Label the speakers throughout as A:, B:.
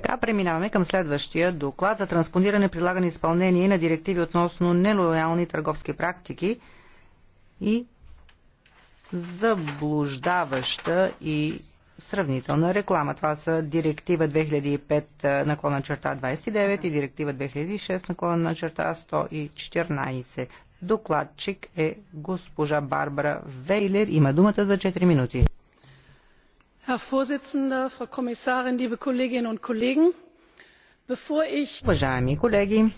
A: Така преминаваме към следващия доклад за транспониране, прилагане и изпълнение на директиви относно нелоялни търговски практики и заблуждаваща и сравнителна реклама. Това са директива 2005 наклона черта 29 и директива 2006 наклона на черта 114. Докладчик е госпожа Барбара Вейлер. Има думата за 4 минути herr präsident frau kommissarin liebe kolleginnen und kollegen! уважаеми колеги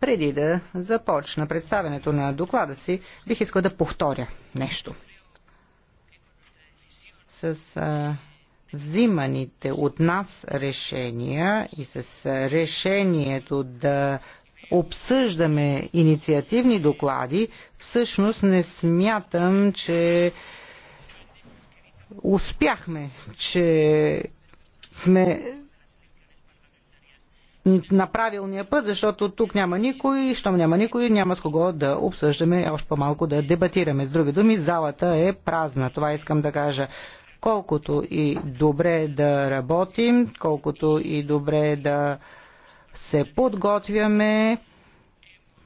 A: преди да започна представянето на доклада си бих искал да повторя нещо. с взиманите от нас решения и с решението да обсъждаме инициативни доклади всъщност не смятам че успяхме, че сме на правилния път, защото тук няма никой, щом няма никой, няма с кого да обсъждаме, още по-малко да дебатираме. С други думи, залата е празна, това искам да кажа. Колкото и добре да работим, колкото и добре да се подготвяме,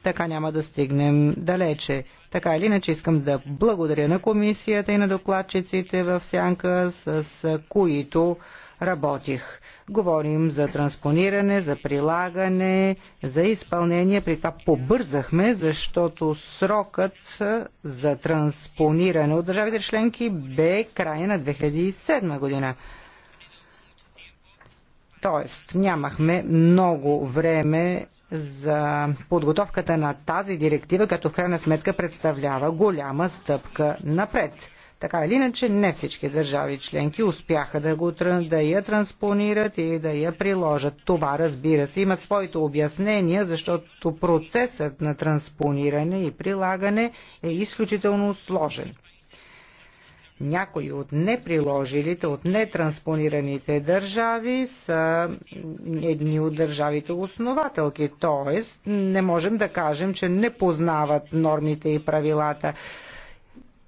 A: така няма да стигнем далече. Така или иначе искам да благодаря на комисията и на докладчиците в Сянка, с които работих. Говорим за транспониране, за прилагане, за изпълнение. При това побързахме, защото срокът за транспониране от държавите членки бе края на 2007 година. Тоест, нямахме много време за подготовката на тази директива, като в крайна сметка представлява голяма стъпка напред. Така или иначе, не всички държави членки успяха да, го, да я транспонират и да я приложат. Това, разбира се, има своите обяснения, защото процесът на транспониране и прилагане е изключително сложен. Някои от неприложилите, от нетранспонираните държави са едни от държавите основателки, т.е. не можем да кажем, че не познават нормите и правилата.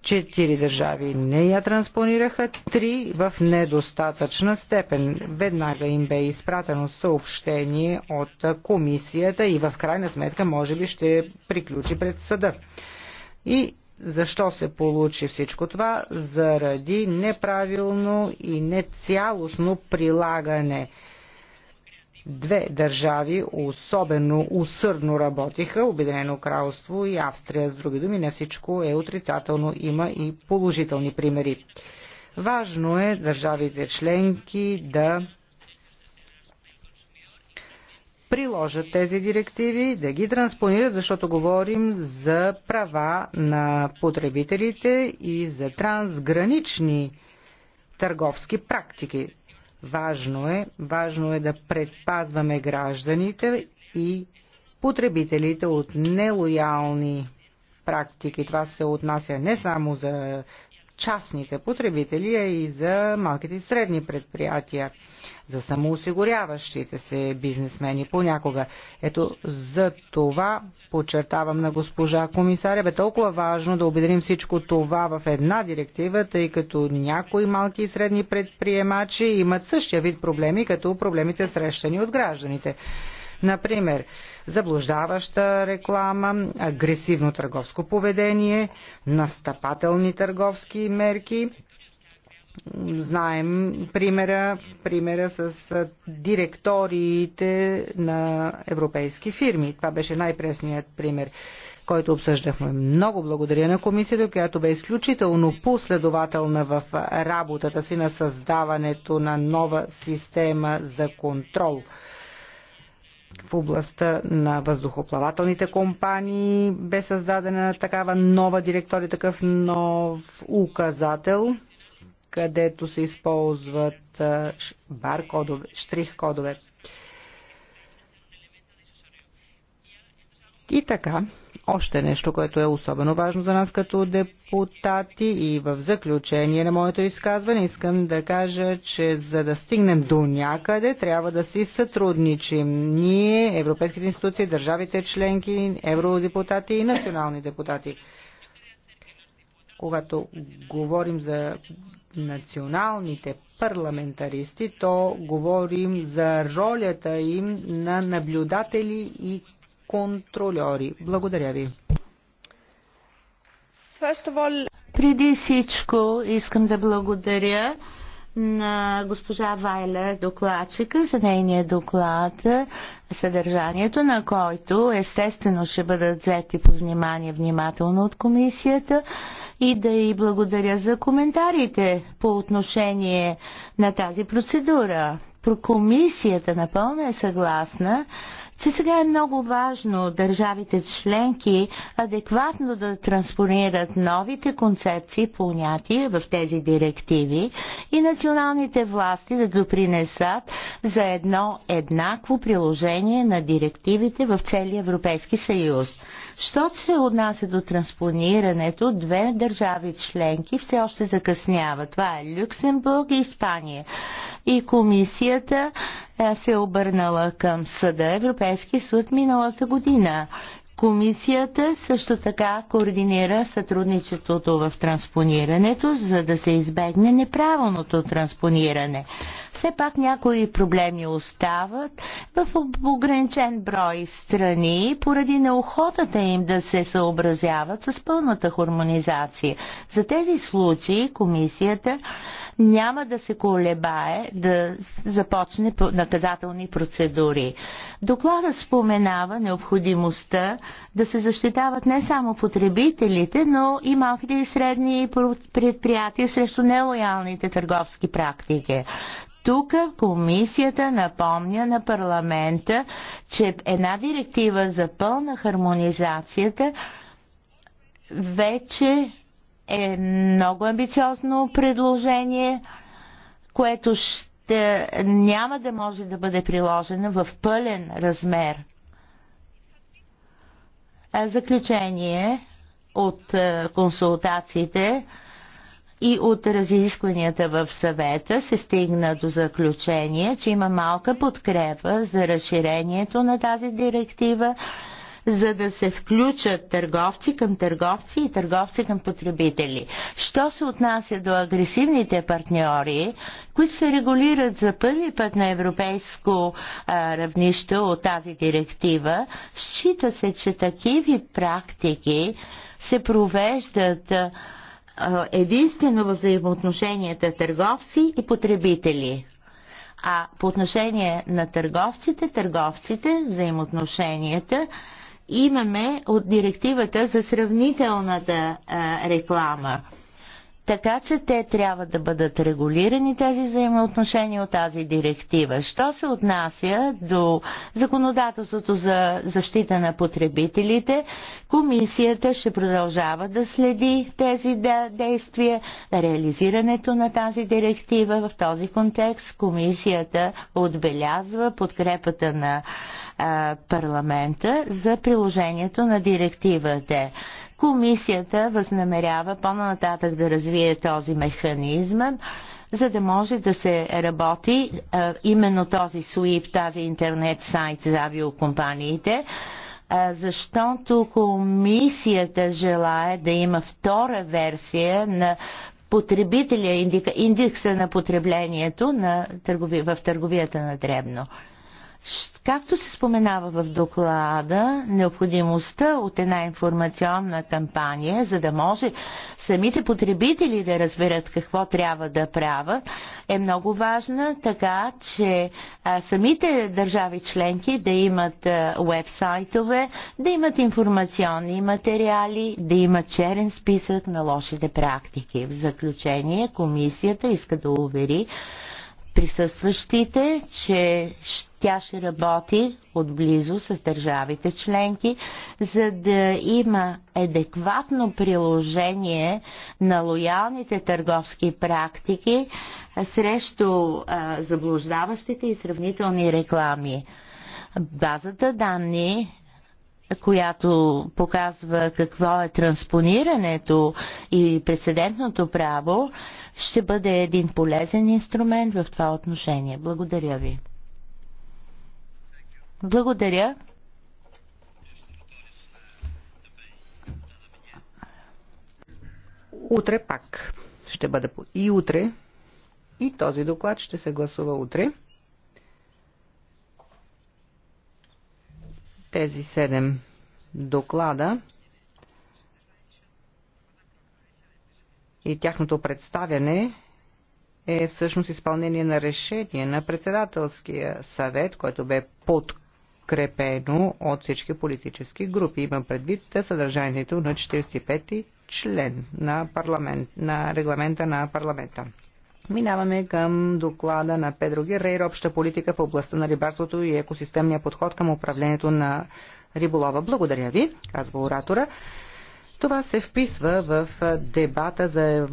A: Четири държави не я транспонираха, три в недостатъчна степен. Веднага им бе изпратено съобщение от комисията и в крайна сметка може би ще приключи пред съда. И защо се получи всичко това? Заради неправилно и нецялостно прилагане. Две държави особено усърдно работиха, Обединено кралство и Австрия. С други думи, не всичко е отрицателно, има и положителни примери. Важно е държавите членки да приложат тези директиви, да ги транспонират, защото говорим за права на потребителите и за трансгранични търговски практики. Важно е, важно е да предпазваме гражданите и потребителите от нелоялни практики. Това се отнася не само за частните потребители, а и за малките и средни предприятия, за самоосигуряващите се бизнесмени понякога. Ето за това подчертавам на госпожа комисаря, бе толкова важно да обединим всичко това в една директива, тъй като някои малки и средни предприемачи имат същия вид проблеми, като проблемите срещани от гражданите. Например, заблуждаваща реклама, агресивно търговско поведение, настъпателни търговски мерки. Знаем примера, примера с директориите на европейски фирми. Това беше най-пресният пример който обсъждахме. Много благодаря на комисията, която бе изключително последователна в работата си на създаването на нова система за контрол в областта на въздухоплавателните компании бе създадена такава нова директория, такъв нов указател, където се използват баркодове, штрих-кодове. И така, още нещо, което е особено важно за нас като депутати и в заключение на моето изказване искам да кажа, че за да стигнем до някъде трябва да си сътрудничим. Ние, европейските институции, държавите членки, евродепутати и национални депутати. Когато говорим за националните парламентаристи, то говорим за ролята им на наблюдатели и контролери. Благодаря ви.
B: Преди всичко искам да благодаря на госпожа Вайлер докладчика за нейния доклад, съдържанието на който естествено ще бъдат взети под внимание внимателно от комисията и да й благодаря за коментарите по отношение на тази процедура. Про комисията напълно е съгласна, че сега е много важно държавите членки адекватно да транспонират новите концепции, понятия в тези директиви и националните власти да допринесат за едно еднакво приложение на директивите в целия Европейски съюз. Що се отнася до транспонирането, две държави членки все още закъсняват. Това е Люксембург и Испания. И комисията е, се е обърнала към съда Европейски съд миналата година. Комисията също така координира сътрудничеството в транспонирането, за да се избегне неправилното транспониране. Все пак някои проблеми остават в ограничен брой страни поради неохотата им да се съобразяват с пълната хармонизация. За тези случаи комисията няма да се колебае да започне наказателни процедури. Доклада споменава необходимостта да се защитават не само потребителите, но и малките и средни предприятия срещу нелоялните търговски практики. Тук комисията напомня на парламента, че една директива за пълна хармонизацията вече е много амбициозно предложение, което ще, няма да може да бъде приложено в пълен размер. А заключение от е, консултациите и от разискванията в съвета се стигна до заключение, че има малка подкрепа за разширението на тази директива за да се включат търговци към търговци и търговци към потребители. Що се отнася до агресивните партньори, които се регулират за първи път на европейско а, равнище от тази директива, счита се, че такива практики се провеждат а, единствено в взаимоотношенията търговци и потребители. А по отношение на търговците, търговците, взаимоотношенията имаме от директивата за сравнителната реклама. Така че те трябва да бъдат регулирани тези взаимоотношения от тази директива. Що се отнася до законодателството за защита на потребителите, комисията ще продължава да следи тези действия, реализирането на тази директива. В този контекст комисията отбелязва подкрепата на парламента за приложението на директивата. Комисията възнамерява по-нататък да развие този механизъм, за да може да се работи а, е, именно този SWIP, тази интернет сайт за авиокомпаниите, а, е, защото комисията желая да има втора версия на потребителя, индекса на потреблението на търгови, в търговията на дребно. Както се споменава в доклада, необходимостта от една информационна кампания, за да може самите потребители да разберат какво трябва да правят, е много важна, така че а, самите държави членки да имат уебсайтове, вебсайтове, да имат информационни материали, да имат черен списък на лошите практики. В заключение, комисията иска да увери, присъстващите, че тя ще работи отблизо с държавите членки, за да има адекватно приложение на лоялните търговски практики срещу заблуждаващите и сравнителни реклами. Базата данни която показва какво е транспонирането и прецедентното право, ще бъде един полезен инструмент в това отношение. Благодаря ви. Благодаря.
A: Утре пак ще бъде и утре. И този доклад ще се гласува утре. тези седем доклада и тяхното представяне е всъщност изпълнение на решение на председателския съвет, което бе подкрепено от всички политически групи. Имам предвид съдържанието на 45 ти член на, парламент, на регламента на парламента. Минаваме към доклада на Педро Геррейро, обща политика в областта на рибарството и екосистемния подход към управлението на риболова. Благодаря ви, казва оратора. Това се вписва в дебата за